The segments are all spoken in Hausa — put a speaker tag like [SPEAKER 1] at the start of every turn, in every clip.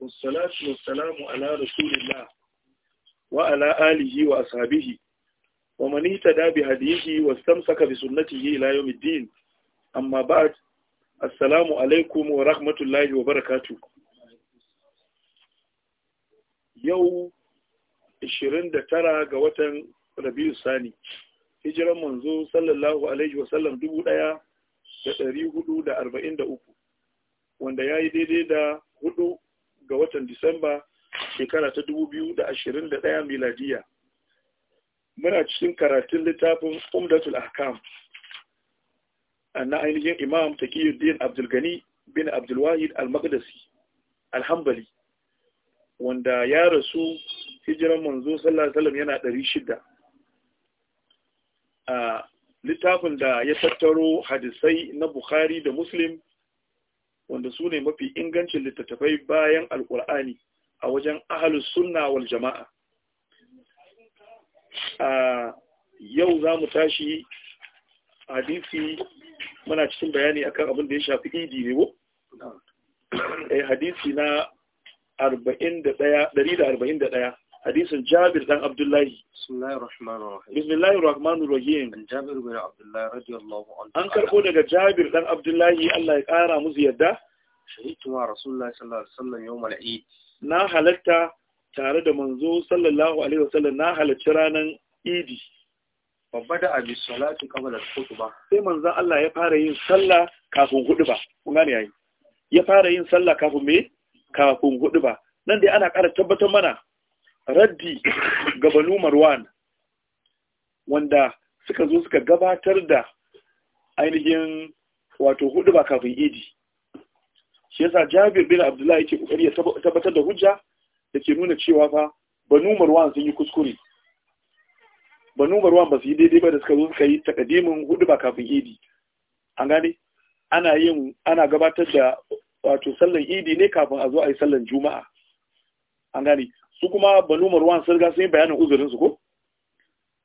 [SPEAKER 1] wassalatu wassalamu ala rasulillah wa ala alihi wa ashabihi wa man ittaba bi hadihi wastamsaka bi sunnatihi ila yawmiddin amma ba'd assalamu alaikum wa rahmatullahi wa barakatuh yau tara ga watan Rabiu Sani hijiran manzo sallallahu alaihi wa sallam 1443 wanda yayi daidai da hudu. ga watan Disamba shekara ta da da ashirin 2021 miladiya. Muna cikin karatun littafin Umdatul Ahkam na ainihin Imam Taqiyuddin Abdul Gani bin Abdul Wahid Al-Maqdisi al wanda ya rasu hijiran manzo sallallahu alaihi wasallam yana 600. A littafin da ya tattaro hadisai na Bukhari da Muslim wanda su ne mafi ingancin littattafai bayan alkur'ani a wajen ahalus sunna wal jama'a a yau za mu tashi hadisi muna cikin bayani akan abin da ya shafi idi ne ko eh, hadisi na 41 hadisin jabir dan abdullahi Bismillahir Rahmanir Rahim. Rahim. An Jabir bin Abdullah radiyallahu anhu. An karbo daga Jabir dan Abdullahi Allah ya kara musu yadda. Shahidu ma sallallahu alaihi wasallam yawm eid Na halatta tare da manzo sallallahu alaihi wasallam na halarci ranar Idi. Babbada abi salati qabla al-khutba. Sai manzon Allah ya fara yin sallah kafin huduba. Kun gane yayi. Ya fara yin sallah kafin me? Kafin ba. Nan dai ana ƙara tabbatar mana raddi ga banu marwan wanda suka zo suka gabatar da ainihin wato hudu ba kafin idi shi yasa jabir bin abdullahi yake kokari ya tabbatar da hujja da ke nuna cewa fa banu marwan sun yi kuskure banu marwan ba su yi daidai ba da suka zo suka yi takadimin hudu ba kafin idi an gane ana yin ana gabatar da wato sallan idi ne kafin a zo a yi sallan juma'a an gane su kuma banu marwan sun ga sun yi bayanin uzurin su ko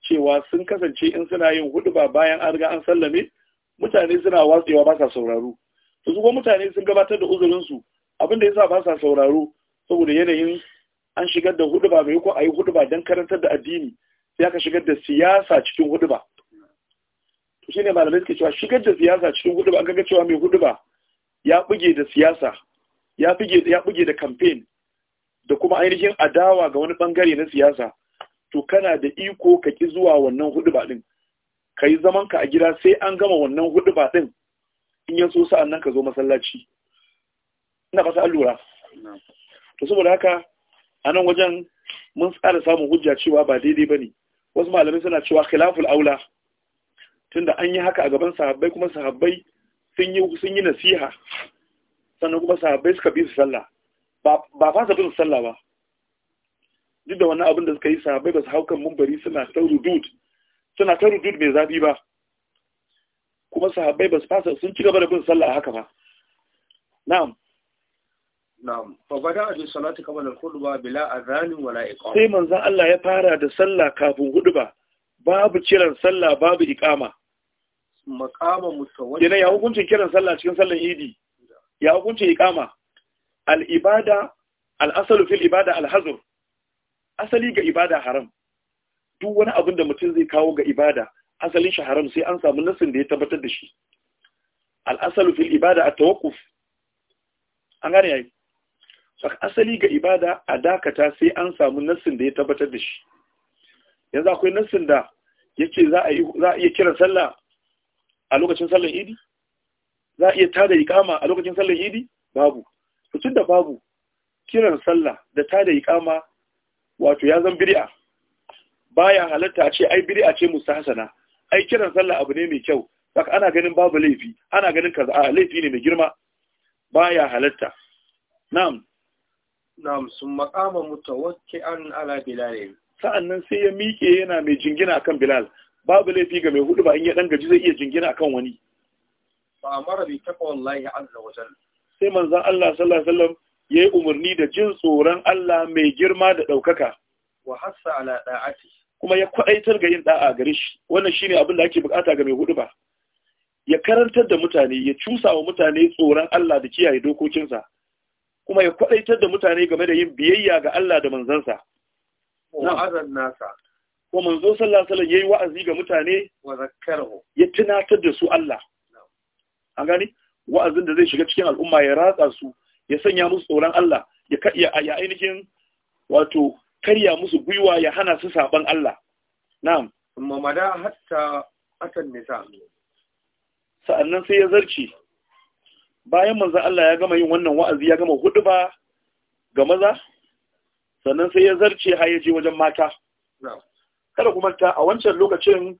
[SPEAKER 1] cewa sun kasance in suna yin hudu ba bayan an riga an sallame mutane suna watsewa ba sa sauraro su kuma mutane sun gabatar da uzurin su abin da yasa ba sa sauraro saboda yanayin an shigar da hudu ba mai ko ayi hudu ba dan karantar da addini sai aka shigar da siyasa cikin hudu ba to shine malamai suke cewa shigar da siyasa cikin hudu ba an ga cewa mai hudu ba ya buge da siyasa ya buge ya buge da campaign da kuma ainihin adawa ga wani bangare na siyasa to kana da iko ka ki zuwa wannan ba din ka yi zaman ka a gida sai an gama wannan ba din in yaso sa'an nan ka zo masallaci ina fata an lura to saboda haka a nan wajen mun tsara samun hujja cewa ba daidai ba ne, wasu malamai suna cewa khilaful aula tunda an yi haka a gaban sahabbai kuma sahabbai sun yi sun yi nasiha sannan kuma sahabbai suka bi su sallah ba fasa bin sallah ba duk da wannan abin da suka yi sahabai ba su hau kan mumbari suna ta rudud suna ta rudud mai zafi ba kuma sahabai ba su fasa sun ci gaba da bin sallah haka ba na'am na'am fa bada a jin salatu kamar al ba bila azalin wala iqama sai manzon Allah ya fara da sallah kafin ba, babu kiran sallah babu iqama maqama mutawajjih yana ya hukunci kiran sallah cikin sallar idi ya hukunci iqama al'ibada al'asalu fil ibada alhazur asali ga ibada haram duk wani abin da mutum zai kawo ga ibada asalin shi haram sai an samu nasin da ya tabbatar da shi al'asalu fil ibada a tawakuf an gane yayi asali ga ibada a dakata sai an samu nasin da ya tabbatar da shi yanzu akwai nasin da yake za a iya kiran sallah a lokacin sallar idi za a iya tada ikama a lokacin sallar idi babu tun da babu kiran sallah da ta da ikama wato ya zan biri'a baya halatta a ce ai biri'a ce hasana ai kiran sallah abu ne mai kyau saka ana ganin babu laifi ana ganin kaza a laifi ne mai girma baya halatta na'am na'am sun maqama an ala bilal sa'annan sai ya miƙe yana mai jingina akan bilal babu laifi ga mai hudu ba in ya dan gaji zai iya jingina akan wani ba mara bi wallahi azza wa jalla sai manzan Allah sallallahu alaihi wasallam yayi umarni da jin tsoron Allah mai girma da ɗaukaka wa hassa ala da'ati kuma ya kwaɗaitar ga yin da'a gare shi wannan shine abin da ake bukata ga mai hudu ba ya karantar da mutane ya cusa wa mutane tsoron Allah da kiyaye dokokinsa kuma ya kwaɗaitar da mutane game da yin biyayya ga Allah da manzansa wa'azan nasa ko manzo sallallahu alaihi wasallam yayi wa'azi ga mutane wa zakkarahu ya tunatar da su Allah an gani wa'azin da zai shiga cikin al'umma ya ratsa su ya sanya musu tsoron Allah ya ya ainihin wato karya musu gwiwa ya hana su saban Allah na'am amma mada hatta atan nisa sa'annan sai ya zarce bayan manzon Allah ya gama yin wannan wa'azi ya gama huduba ga maza sannan sai ya zarce har ya je wajen mata kada kuma ta a wancan lokacin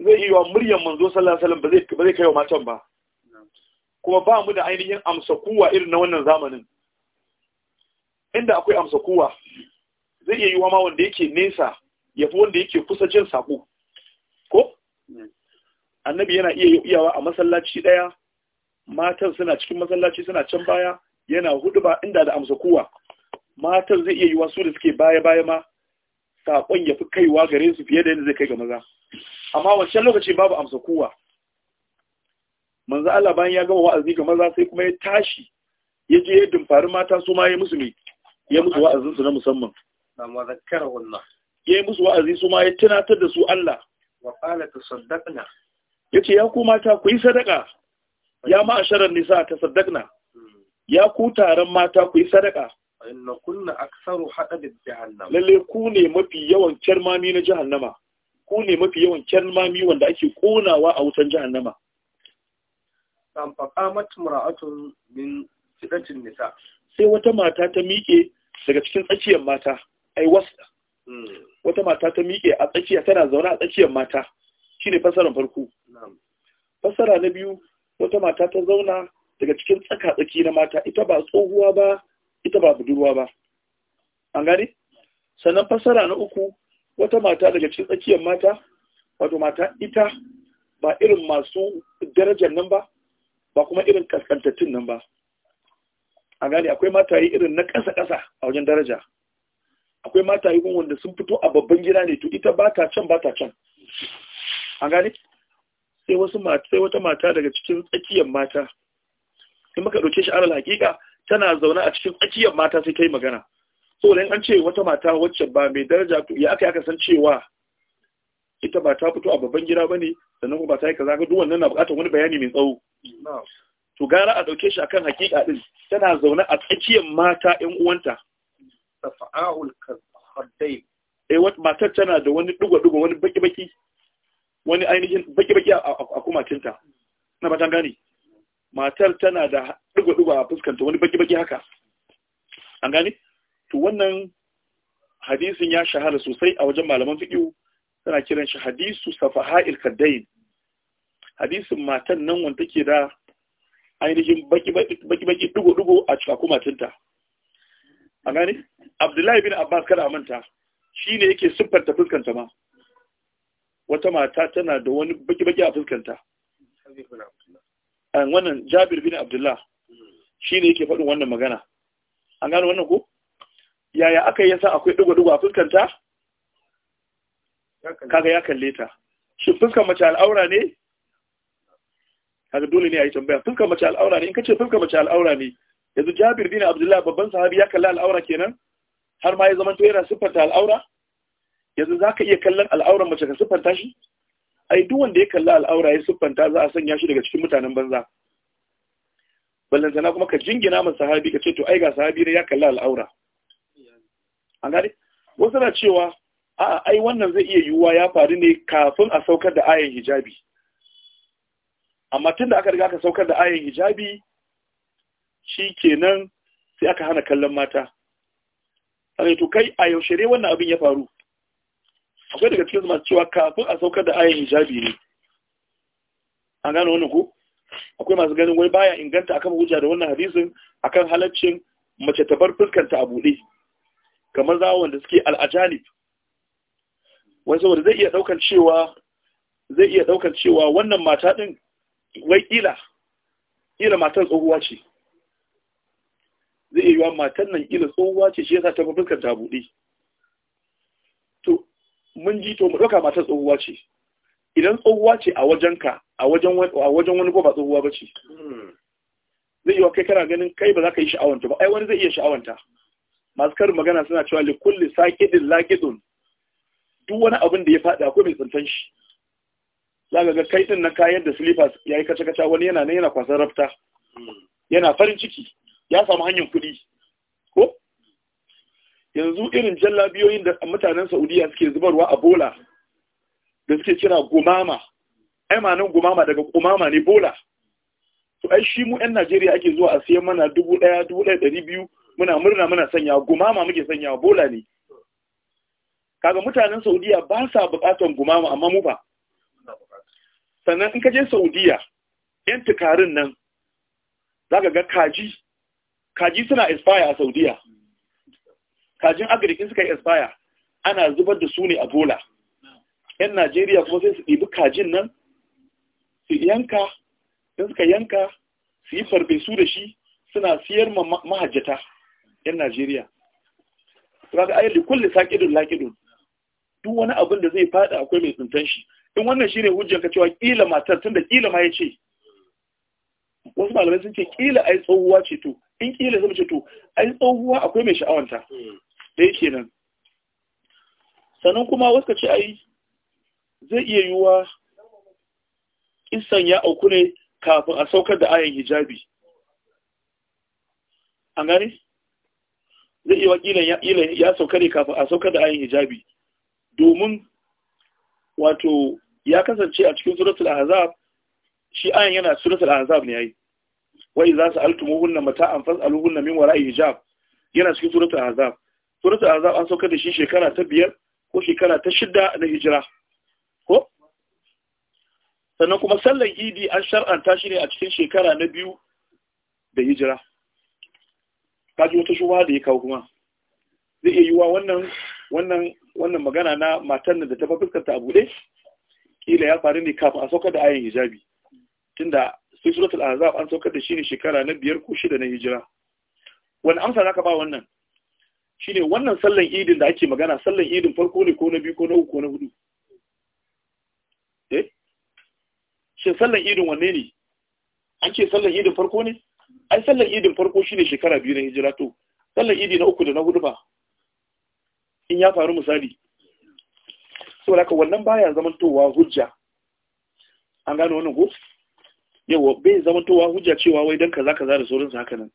[SPEAKER 1] zai yi wa muryar manzo sallallahu alaihi wasallam ba zai kai wa matan ba kuma ba mu da ainihin amsa kuwa irin na wannan zamanin inda akwai amsa kuwa zai iya yi wa ma wanda yake nesa ya fi wanda yake kusa jin sako, ko annabi yana iya iyawa a masallaci ɗaya matan suna cikin masallaci suna can baya yana hudu ba inda da amsa kuwa matan zai iya yi su da suke baya-baya ma Sakon ya fi kaiwa gare su fiye da yadda zai kai ga maza amma wancan lokaci babu amsa kuwa manzo Allah bayan ya gama wa'azi ga maza sai kuma ya tashi ya je ya dumfari mata su ma ya musu ne ya musu wa'azin su na musamman amma zakkarahu Allah ya musu wa'azi su ma ya tunatar da su Allah wa qala tasaddaqna yace ya ku mata ku yi sadaka ya ma asharar nisa saddaqna hmm. ya ku taron mata ku yi sadaka inna kunna aktsaru hadabid jahannam lalle ku ne mafi yawan kirmami na jahannama ku ne mafi yawan kirmami wanda ake konawa a wutan jahannama an mura'atun min sidatin nisa sai wata mata ta miƙe daga cikin tsakiyar mata ai wasa hmm. wata mata ta miƙe a tsakiya tana zaune a tsakiyar mata shine fasaran farko fasara na biyu wata mata ta zauna daga cikin tsaka tsaki na mata ita ba tsohuwa ba ita ba budurwa ba an gane sannan fasara na uku wata mata daga cikin tsakiyar mata wato mata ita ba irin masu darajar nan ba ba kuma irin kaskantattun nan ba a gane akwai matayi irin na ƙasa-ƙasa a wajen daraja akwai matayi kuma wanda sun fito a babban gida ne to ita ba ta can ba can a gane sai wasu mata sai wata mata daga cikin tsakiyar mata in muka ɗauke shi alal hakika tana zaune a cikin tsakiyar mata sai ta yi magana so da an ce wata mata wacce ba mai daraja to ya aka aka san cewa ita ba ta fito a babban gida ba ne sannan kuma ba ta yi kaza ga duk wannan na bukatar wani bayani mai tsawo to gara a dauke shi akan hakika din tana zaune a tsakiyar mata ƴan uwanta Safa'ul kaddai eh wat matar tana da wani dugo dugo wani baki baki wani ainihin baki baki a kumacinta na ba ta gane matar tana da dugo dugo a fuskanta wani baki baki haka an gane to wannan hadisin ya shahara sosai a wajen malaman fiqh suna kiran shi hadisu safaha'il kaddain hadisin matan nan wanda take da ainihin baki-baki dugo-dugo a matinta a gani abdullahi bin abbas kada manta shi ne yake siffanta fuskanta ma wata mata tana da wani baki-baki a fuskanta wannan jabir bin Abdullahi shi ne yake faɗin wannan magana an gano wannan ko yaya aka yi yasa akwai dugo-dugo a fuskanta kaga ya kalle ta shi fuskar mace al'aura ne kaga dole ne a yi tambaya fuskar mace al'aura ne in kace fuskar mace al'aura ne yanzu Jabir bin Abdullah babban sahabi ya kalla al'aura kenan har ma ya zama to yana siffanta al'aura yanzu zaka iya kallon al'auran mace ka siffanta shi ai duk wanda ya kalla al'aura ya siffanta za a sanya shi daga cikin mutanen banza sana kuma ka jingina man sahabi ka ce to ai ga sahabi ne ya kalla al'aura an gane wasu na cewa a'a ai wannan zai iya yiwuwa ya faru ne kafin a saukar da ayan hijabi amma tun da aka riga aka saukar da ayan hijabi shi kenan sai aka hana kallon mata to kai a yaushe ne wannan abin ya faru akwai daga cikin masu cewa kafin a saukar da ayan hijabi ne an gano wani ko akwai masu ganin wai baya inganta akan hujja da wannan hadisin akan halaccin mace ta bar fuskanta a buɗe kamar zawon wanda suke al'ajanib wani saboda zai iya daukan cewa zai iya daukan cewa wannan mata din wai kila kila matar tsohuwa ce zai iya yiwa matar nan kila tsohuwa ce shi yasa ta fuskar ta buɗe to mun ji to mu dauka matar tsohuwa ce idan tsohuwa ce a wajenka a wajen a wajen wani ko ba tsohuwa ba ce. Hmm. zai yiwa kai kana ganin kai ba za ka yi sha'awanta ba ai wani zai iya sha'awanta masu karin magana suna cewa likulli kulli saqidin laqidun duk wani abin da ya faɗi akwai mai tsintan shi za ga kai din na kayan da slippers yi kaca kaca wani yana nan yana kwasan rafta yana farin ciki ya samu hanyar kuɗi ko yanzu irin jallabiyoyin da mutanen Saudiya suke zubarwa a bola da suke kira gumama ai gumama daga gumama ne bola to ai shi mu 'yan Najeriya ake zuwa a siyan mana dubu ɗaya dubu ɗaya ɗari biyu muna murna muna sanya gumama muke sanya bola ne kaga mutanen saudiya ba sa bukatan gumama amma mu ba sannan in ka je saudiya yan tukarin nan za ka ga kaji kaji suna expire a saudiya kajin agrikin suka yi expire ana zubar da su ne a bola yan najeriya kuma sai su ɗibi kajin nan su yanka in suka yanka su yi farfesu da shi suna siyar ma mahajjata yan najeriya za ga ayyar da kulle saƙidun laƙidun duk wani abin da zai faɗi akwai mai tsintan shi in wannan shine hujjar ka cewa kila matar tunda kila ma yace wasu malamai sun ce kila ai tsohuwa ce to in kila zama ce to ai tsohuwa akwai mai sha'awanta da yake nan sannan kuma wasu ka ce ai zai iya yiwuwa kisan ya auku ne kafin a saukar da ayan hijabi an gane zai iya kila ya sauka ne kafin a saukar da a'yan hijabi domin wato ya kasance a cikin suratul ahzab shi ayan yana suratul ahzab ne yayi wai za su altumuhunna mata'an fas'aluhunna min wara'i hijab yana cikin suratul ahzab suratul ahzab an sauka da shi shekara ta biyar ko shekara ta shida na hijira ko sannan kuma sallar idi an shar'anta shi ne a cikin shekara na biyu da hijira kaji wata shuba da ya kawo kuma zai iya yiwa wannan wannan wannan magana na matan da ta fafiskar ta dai kila ya faru ne kafin a saukar da ayin hijabi tunda sai suratul azab an saukar da shi ne shekara na biyar ko shida na hijira wani amsa za ka ba wannan shine wannan sallan idin da ake magana sallan idin farko ne ko na biyu ko na uku ko na hudu eh shin sallan idin wanne ne an ce sallan idin farko ne ai sallan idin farko shine shekara biyu na hijira to sallan idi na uku da na hudu ba in ya faru misali saboda haka wannan baya zamantowa hujja an gano wannan ko yawa bai zamantowa hujja cewa wai dan kaza kaza da sauransu haka nan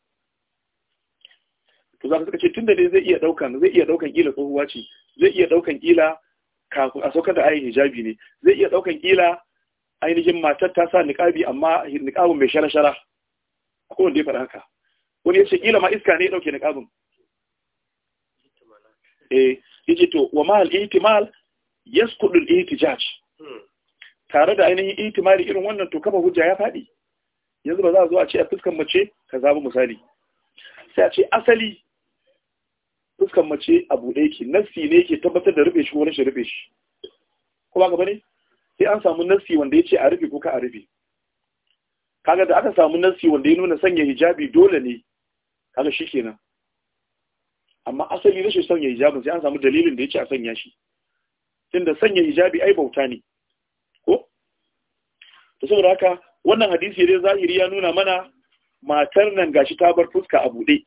[SPEAKER 1] to za ka suka ce da dai zai iya daukan zai iya daukan kila tsohuwa ce zai iya daukan kila a saukar da ayin hijabi ne zai iya daukan kila ainihin matar ta sa niƙabi, amma niƙabin mai shara-shara akwai wanda ya faɗa haka wani ya ce kila ma iska ne ya dauke niƙabin eh to wa mal al-ihtimal al-ihtijaj hmm. tare da ainihin ihtimali irin wannan to kafa hujja ya fadi yanzu ba za a zo a ce a fuskan mace ka zaba misali sai a ce asali fuskan mace a buɗe ke nassi ne ke tabbatar da rufe shi ko rashin rufe shi kuma gaba ne sai an samu nassi wanda ya ce a rufe ko ka a rufe kaga da aka samu nassi wanda ya nuna sanya hijabi dole ne kaga shi kenan amma asali rashin sanya hijabin sai an samu dalilin da ya a sanya shi tunda sanya hijabi ai bauta ne ko to saboda haka wannan hadisi dai zahiri ya nuna mana matar nan gashi ta bar fuska a buɗe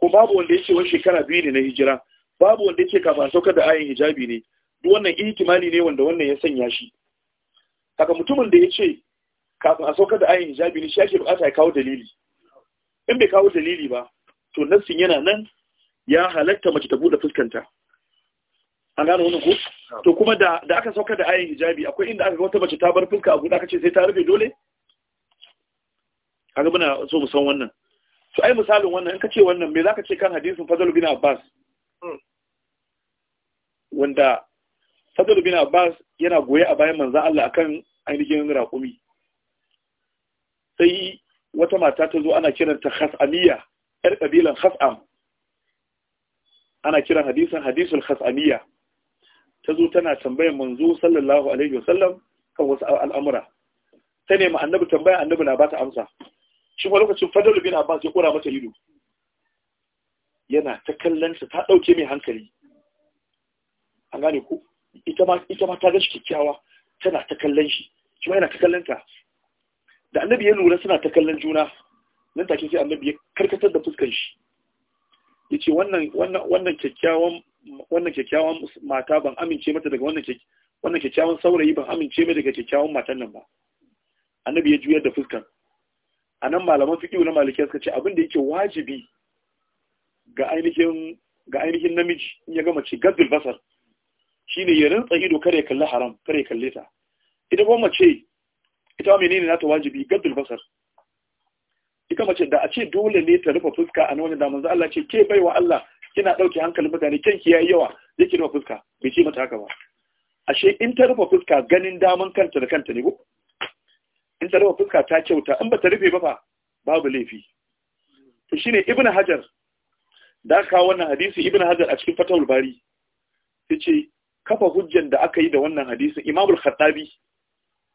[SPEAKER 1] ko babu wanda ya wani shekara biyu ne na hijira babu wanda ya ce kafin saukar da ayin hijabi ne duk wannan ihtimali ne wanda wannan ya sanya shi haka mutumin da ya ce kafin a saukar da ayin hijabi ne shi ake bukata ya kawo dalili in bai kawo dalili ba to nassin yana nan ya halatta mace ta buɗe fuskanta an gano wani ko to kuma da aka sauka da ayin hijabi akwai inda aka ga wata mace ta bar fuska a buɗe aka ce sai ta rufe dole kaga muna so mu san wannan to ai misalin wannan in ka wannan me zaka ce kan hadisin fadlu bin Abbas wanda fadlu bin Abbas yana goye a bayan manzon Allah akan ainihin raƙumi sai wata mata ta zo ana kiranta Khas'amiyya yar kabilan Khas'am ana kiran hadisin hadisul khas'aniya ta zo tana tambayar manzo sallallahu alaihi wasallam kan wasu al'amura ta nemi annabi tambaya annabi na bata amsa shi kuma lokacin fadl bin abbas ya kora mata ido yana ta kallon ta dauke mai hankali an gane ku ita ma ita ma ta ga shi kikkiawa tana ta kallon shi shi yana ta kallon ta da annabi ya lura suna ta kallon juna nan take sai annabi ya karkatar da fuskar shi Yace ce wannan kyakkyawan mata ban amince mata daga wannan kyakkyawan saurayi ban amince mai daga kyakkyawan matan nan ba annabi ya juyar da fuskar a nan malaman fiƙiyu na malikiya suka ce abin da yake wajibi ga ainihin ga ainihin namiji in ya gama ce gaddul basar shine ya rantsa ido kare kalli haram kare kalle ta ita kuma mace ita menene na ta wajibi gaddul basar ita mace da a ce dole ne ta rufe fuska a wani da manzo Allah ce ke baiwa Allah kina dauke hankalin mutane kanki yayi yawa yake rufe fuska bai ce mata haka ba ashe in ta rufe fuska ganin daman kanta da kanta ne ko in ta rufe fuska ta kyauta in ba ta rufe ba fa babu laifi to shine ibnu hajar da ka wannan hadisi ibnu hajar a cikin fatawul bari yace kafa hujjan da aka yi da wannan hadisin imamul khattabi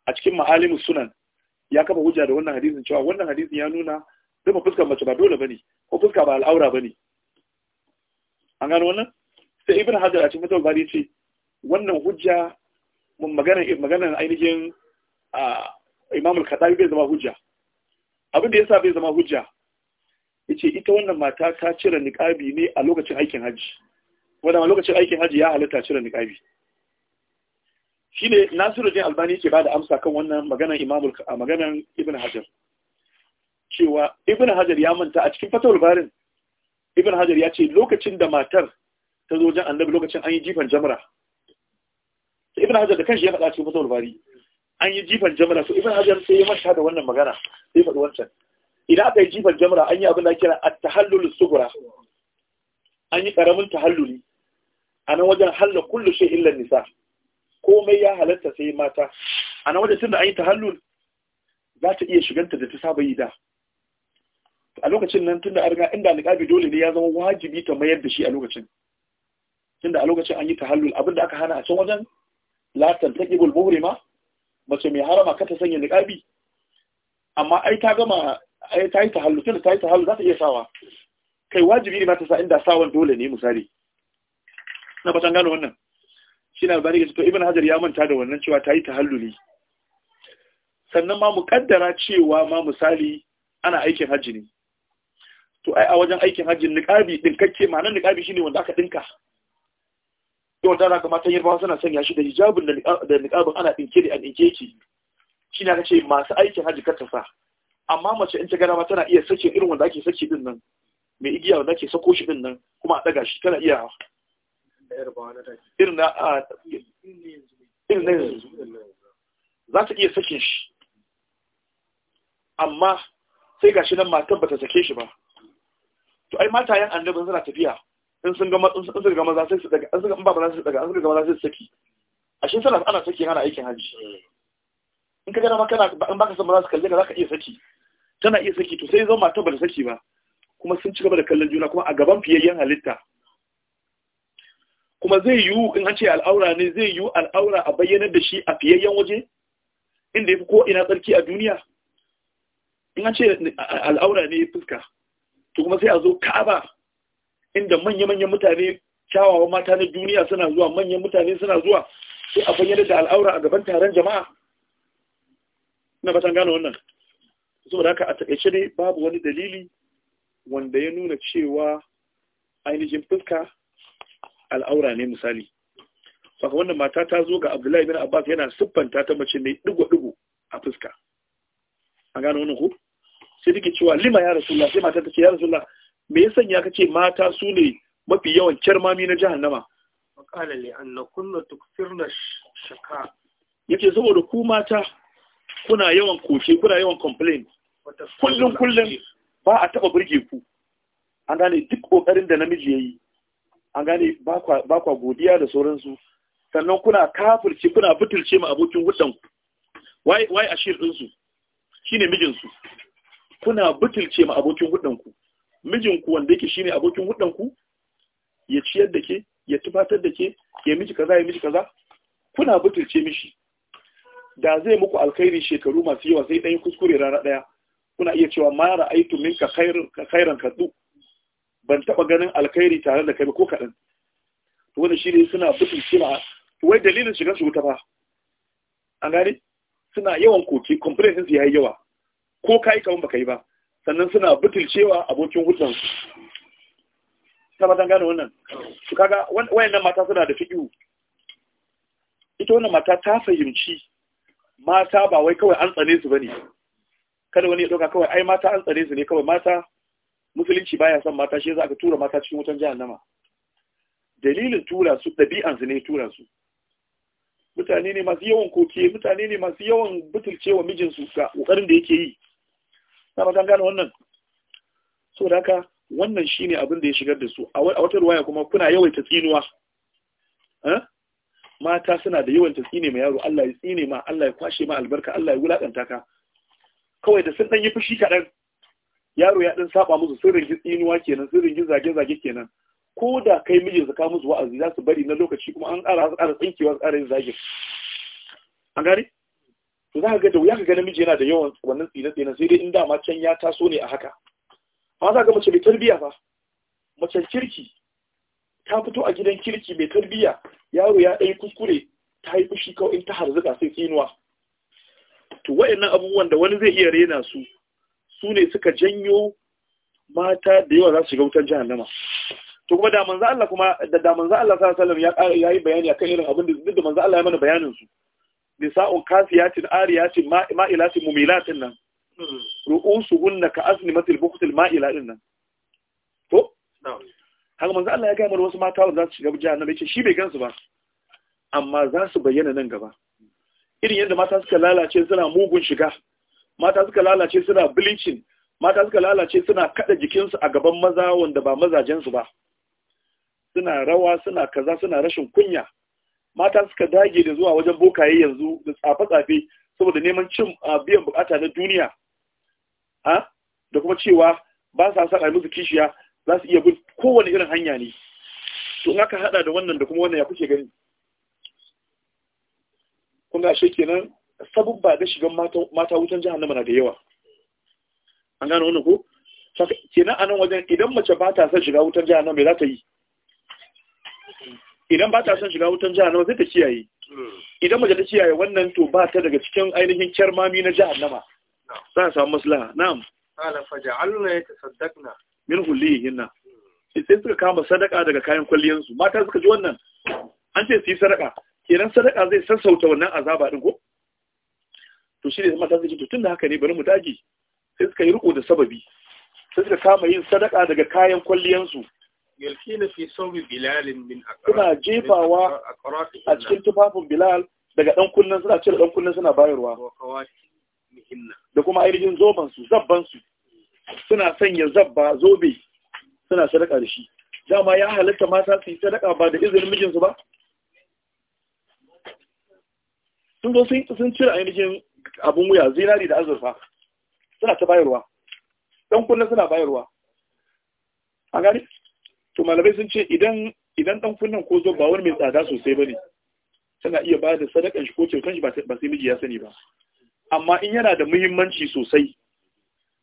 [SPEAKER 1] a cikin ma'alimus sunan ya kafa hujja da wannan hadisin cewa wannan hadisin ya nuna duba fuskar mace ba dole bane ko fuska ba al'aura bane an gano wannan sai ibn hajar a cikin fatawar ce wannan hujja mun magana ainihin imam al-khatami bai zama hujja abin da yasa bai zama hujja yace ita wannan mata ta cire niqabi ne a lokacin aikin haji wanda a lokacin aikin haji ya halitta cire niqabi shi ne nasiruddin albani ke ba da amsa kan wannan maganar imamul a maganar ibn hajar cewa ibn hajar ya manta a cikin fatawar barin ibn hajar ya ce lokacin da matar ta zo wajen annabi lokacin an yi jifan jamra ibn hajar da kanshi ya faɗa cikin fatawar bari an yi jifan jamra so ibn hajar sai ya manta da wannan magana sai faɗi wancan idan aka yi jifan jamra an yi abin da kira at-tahallul sughra an yi karamin tahalluli a nan wajen halla kullu shay illa nisa' komai ya halatta sai mata a nan wajen tunda an yi tahallul za ta iya shiganta da ta saba yi da a lokacin nan tunda an riga inda alƙabi dole ne ya zama wajibi ta mayar da shi a lokacin tunda a lokacin an yi tahallul abinda aka hana a can wajen la tantaqibul ma mace mai harama ka ta sanya niqabi amma ai ta gama ai ta yi tahallul tunda ta yi tahallul za ta iya sawa kai wajibi ne ma ta sa inda sawan dole ne misali na batan gano wannan shi na albani to ibn hajar ya manta da wannan cewa ta yi tahalluli sannan ma muƙaddara cewa ma misali ana aikin hajji ne to ai a wajen aikin hajji niqabi dinkakke ma nan niqabi shine wanda aka dinka to wanda aka mata yarbawa suna sanya shi da hijabin da niqabin ana dinke da an dinke shi shine aka ce masu aikin hajji kar ta sa amma mace in ta gara ma tana iya sake irin wanda ake saki din nan mai igiya wanda ake sako shi din nan kuma a daga shi tana iya irin na yanzu za ta iya sakin shi amma sai ga shi nan matan ba ta sake shi ba to ai matayen annabi suna tafiya in sun gama in sun gama za su daga in sun gama ba za su daga in sun gama za su saki a shi sana ana saki ana aikin hajji in ka gana ma kana in baka san ba za su kalle ka za ka iya saki tana iya saki to sai zo matar ba ta saki ba kuma sun ci gaba da kallon juna kuma a gaban fiyayyen halitta kuma zai yiwu in an ce al'aura ne zai yiwu al'aura a bayyanar da shi a fiyayyen waje inda ya fi ko ina tsarki a duniya in an ce al'aura ne fuska to kuma sai a zo kaba inda manya-manyan mutane kyawawan mata na duniya suna zuwa manyan mutane suna zuwa sai a bayyanar da al'aura a gaban taron jama'a na batan gane wannan saboda haka a takaice ne, babu wani dalili wanda ya nuna cewa ainihin fuska al'aura ne misali saka wannan mata ta zo ga abdullahi bin abbas yana siffanta ta mace ne digo-digo a fuska a gano wannan ku sai take cewa lima ya rasulullah sai mata ta ce ya rasulullah me ya sanya ka ce mata su ne mafi yawan kyarmami na jahannama makala li annakunna tukfirna shaka yace saboda ku mata kuna yawan koke kuna yawan complain kullum kullum ba a taba burge ku an gane duk kokarin da namiji yayi an gane ba kwa godiya da sauransu sannan kuna kafirce kuna butulce ma abokin hudan wai a ashir Shi ne mijinsu? mijin kuna butulce ma abokin hudan Mijinku wanda yake ne abokin hudan ya ciyar da ke ya tufatar da ke ya miji kaza ya miji kaza kuna butulce mishi da zai muku alkhairi shekaru masu yawa sai ɗan kuskure rana ɗaya kuna iya cewa mara ra'aitu minka khairan kadu ban taba ganin alkhairi tare da kai ko kaɗan to wanda shi ne suna fitin cewa to wai dalilin shiga su wuta ba an gane suna yawan koke complaint su yayi yawa ko kai kawun baka yi ba sannan suna butun cewa abokin hutun ta ba gane wannan to kaga wayannan mata suna da fiƙiu ita wannan mata ta fahimci mata ba wai kawai an tsane su bane kada wani ya ɗauka kawai ai mata an tsane su ne kawai mata musulunci baya son mata shi za ka tura mata cikin wutan jahannama dalilin tura su ɗabi'ansu ne tura su mutane ne masu yawan koke mutane ne masu yawan butulcewa mijinsu ga ƙoƙarin da yake yi na matan gane wannan so da haka wannan shine abin da ya shigar da su a wata ruwaya kuma kuna yawaita tsinuwa eh? mata suna da yawan tsine mai yaro Allah ya tsine ma Allah ya kwashe ma albarka Allah ya wulakanta ka kawai da sun dan yi fushi kaɗan yaro ya dan saba musu sirrin inuwa kenan sirrin zage zage kenan ko da kai mijin ka musu wa'azi za su bari na lokaci kuma an ƙara ƙara tsinkewa ƙara yin zage A gari to za ka ga da wuya ka ga namiji yana da yawan wannan tsina tsina sai dai in dama can ya taso ne a haka amma za ka ga mace mai tarbiyya fa mace kirki ta fito a gidan kirki mai tarbiyya yaro ya ɗaya kuskure ta haifi shi kawai in ta harzuka sai tsinuwa to wa'annan abubuwan da wani zai iya rena su su ne suka janyo mata da yawa za su shiga wutar jahannama to kuma da manzo Allah kuma da da manzo Allah sallallahu alaihi wasallam ya yi bayani akan irin abin da duk da manzo Allah ya mana bayanin su nisa'un kafiyatin ariyatin ma'ilatin mumilatin nan gunna ka asnimatil buqtil ma'ila din nan to haka manzo Allah ya ga mana wasu mata wanda za su shiga jahannama yace shi bai gansu ba amma za su bayyana nan gaba irin yadda mata suka lalace suna mugun shiga mata suka lalace suna bleaching mata suka lalace suna kada jikinsu a gaban maza wanda ba mazajensu ba suna rawa suna kaza suna rashin kunya mata suka dage da zuwa wajen bokaye yanzu da tsafe-tsafe saboda neman cin biyan bukata na duniya da kuma cewa ba sa sa musu kishiya za su iya bin kowane irin hanya ne to in aka hada da wannan da kuma wannan ya kuke gani kun ga shi kenan sabubba da shigan mata wutan jahannama na da yawa an gano wani ko kenan a nan wajen idan mace ba ta son shiga wutan jahannama mai za ta yi idan ba ta son shiga wutan jahannama zai ta kiyaye idan mace ta kiyaye wannan to ba ta daga cikin ainihin kyarmami na jahannama za a samu maslaha na'am qala faj'alna yatasaddaqna min hullihinna sai suka kama sadaka daga kayan kwalliyansu mata suka ji wannan an ce su yi sadaka kenan sadaka zai sassauta wannan azaba din ko to shi ne ta zai to da haka ne bari mu dage sai suka yi riko da sababi sai suka kama yin sadaka daga kayan kwalliyansu yalkina fi bilal min suna jefawa a cikin tufafin bilal daga dan kunnan suna cire dan kunnan suna bayarwa da kuma ainihin zoban su zabban su suna sanya zabba zobe suna sadaka da shi dama ya halatta mata su yi sadaka ba da izinin mijinsu ba sun zo sun cire ainihin abun wuya zinari da azurfa suna ta bayarwa dan kunna suna bayarwa a gani to malamai sun ce idan idan dan kunnan ko zo ba wani mai tsada sosai bane tana iya ba da sadakan shi ko kyautan shi ba sai miji ya sani ba amma in yana da muhimmanci sosai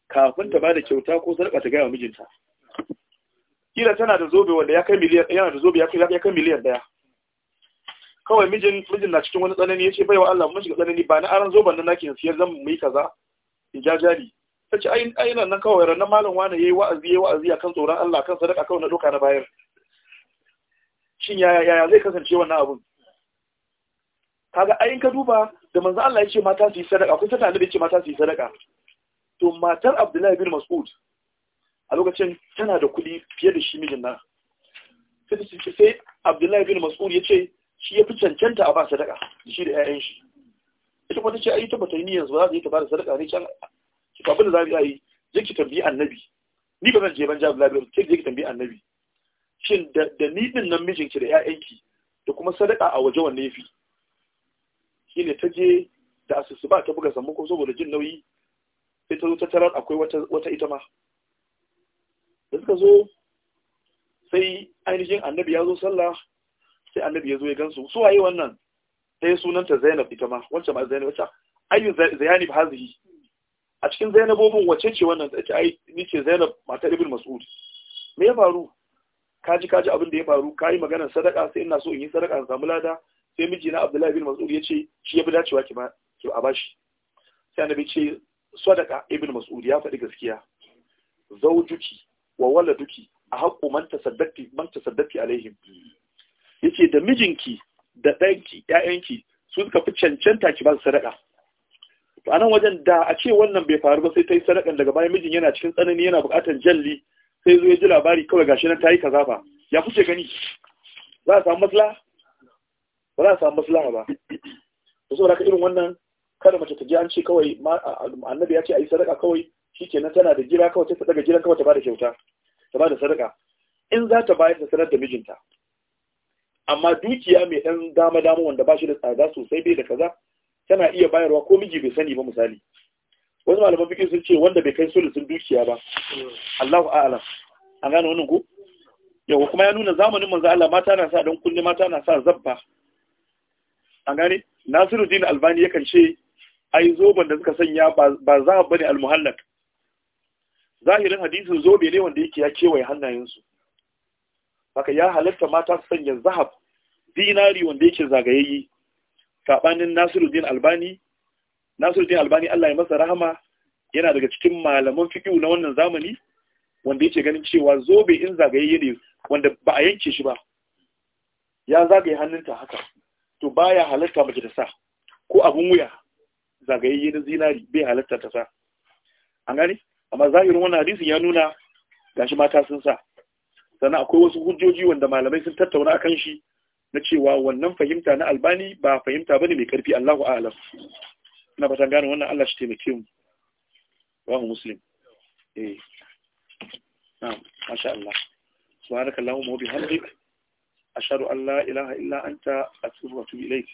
[SPEAKER 1] kafin ta ba da kyauta ko sadaka ta gaya wa mijinta kila tana da zobe wanda ya kai miliyan yana da zobe ya kai miliyan daya kawai mijin mijin na cikin wani tsanani ya ce bai wa Allah mun shiga tsanani ba na aran zoban nan nake siyar zan mu yi kaza in ja jari ta ce ai ai nan kawai ran malam wani yayi wa'azi yayi wa'azi akan tsoron Allah kan sadaka kawai na doka na bayar shin yaya yaya zai kasance wannan abun kaga ayin ka duba da manzo Allah ya ce mata su yi sadaka kun tana da ce mata su yi sadaka to matar Abdullahi bin Mas'ud a lokacin tana da kuɗi fiye da shi mijin na sai Abdullahi bin Mas'ud ya ce shi ya fi cancanta a ba sadaka shi da 'ya'yan shi ita kuma ce ai ta bata yi niyyar ba za ta yi ta ba da sadaka ne can ki kafin da zabi ayi, je ki tambayi annabi ni ba zan je ban ja labiyar ki je ki tambayi annabi shin da ni din nan mijin ki da ki, da kuma sadaka a waje wanne yafi shine ta je da asusu ba ta buga sammako saboda jin nauyi sai ta zo ta tarar akwai wata ita ma da suka zo sai ainihin annabi ya zo sallah sai annabi ya zo ya gansu su waye wannan sai sunanta Zainab ita ma wacce ma Zainab wacce ayu ba hazihi a cikin Zainabobin wacce ce wannan sai ai ni ce Zainab matar Ibn Mas'ud me ya faru kaji kaji abin da ya faru kai maganar sadaka sai ina so in yi sadaka in samu lada sai miji na Abdullahi Ibn Mas'ud yace shi ya fi dacewa ki ba ki a bashi sai annabi ce sadaka Ibn Mas'ud ya faɗi gaskiya zaujuki wa waladuki a haƙƙo man tasaddaqi man tasaddaqi alaihim yace da mijinki da ɗanki ƴaƴanki su suka fi cancanta ki ba su sadaka to anan wajen da a ce wannan bai faru ba sai ta yi sadakan daga bayan mijin yana cikin tsanani yana buƙatar jalli sai zo ya ji labari kawai gashi nan ta yi kaza ba ya kuce gani za a samu maslaha ba za a samu maslaha ba to saboda ka irin wannan kada mace ta je an ce kawai annabi ya ce a yi sadaka kawai shikenan tana da gida kawai ta daga gidan kawai ta da kyauta ta da sadaka in za ta bayar da sanar da mijinta amma dukiya mai ɗan dama dama wanda ba shi da tsada sosai bai da kaza tana iya bayarwa ko miji bai sani ba misali wasu malaman fikin sun ce wanda bai kai sulusun dukiya ba Allahu a'ala an gane wannan ko yawa kuma ya nuna zamanin manzo Allah mata na sa dan kunne mata na sa zabba an gane Nasiruddin Albani yakan ce ai zoban da suka sanya ba zahab bane ne almuhallak zahirin hadisin zobe ne wanda yake ya kewaye hannayensu haka ya halatta mata su sanya zahab dinari wanda yake zagayayyi sabanin Nasiruddin Albani Nasiruddin Albani Allah ya masa rahama yana daga cikin malaman fiqh na wannan zamani wanda yake ganin cewa zobe in zagayayye ne wanda ba a yanke shi ba ya zagaye hannunta haka to baya halatta mace ta sa ko abun wuya zagayayye na zinari bai halatta ta sa an gani amma zahirin wannan hadisi ya nuna gashi mata sun sa sannan akwai wasu hujjoji wanda malamai sun tattauna akan shi na cewa wannan fahimta na albani ba fahimta ba ne mai karfi Allahu a'lam ina fatan gane wannan Allah shi taimake mu wa muslim eh na'am masha Allah subhanakallahumma wa bihamdik ashhadu an la ilaha illa anta astaghfiruka wa atubu ilayk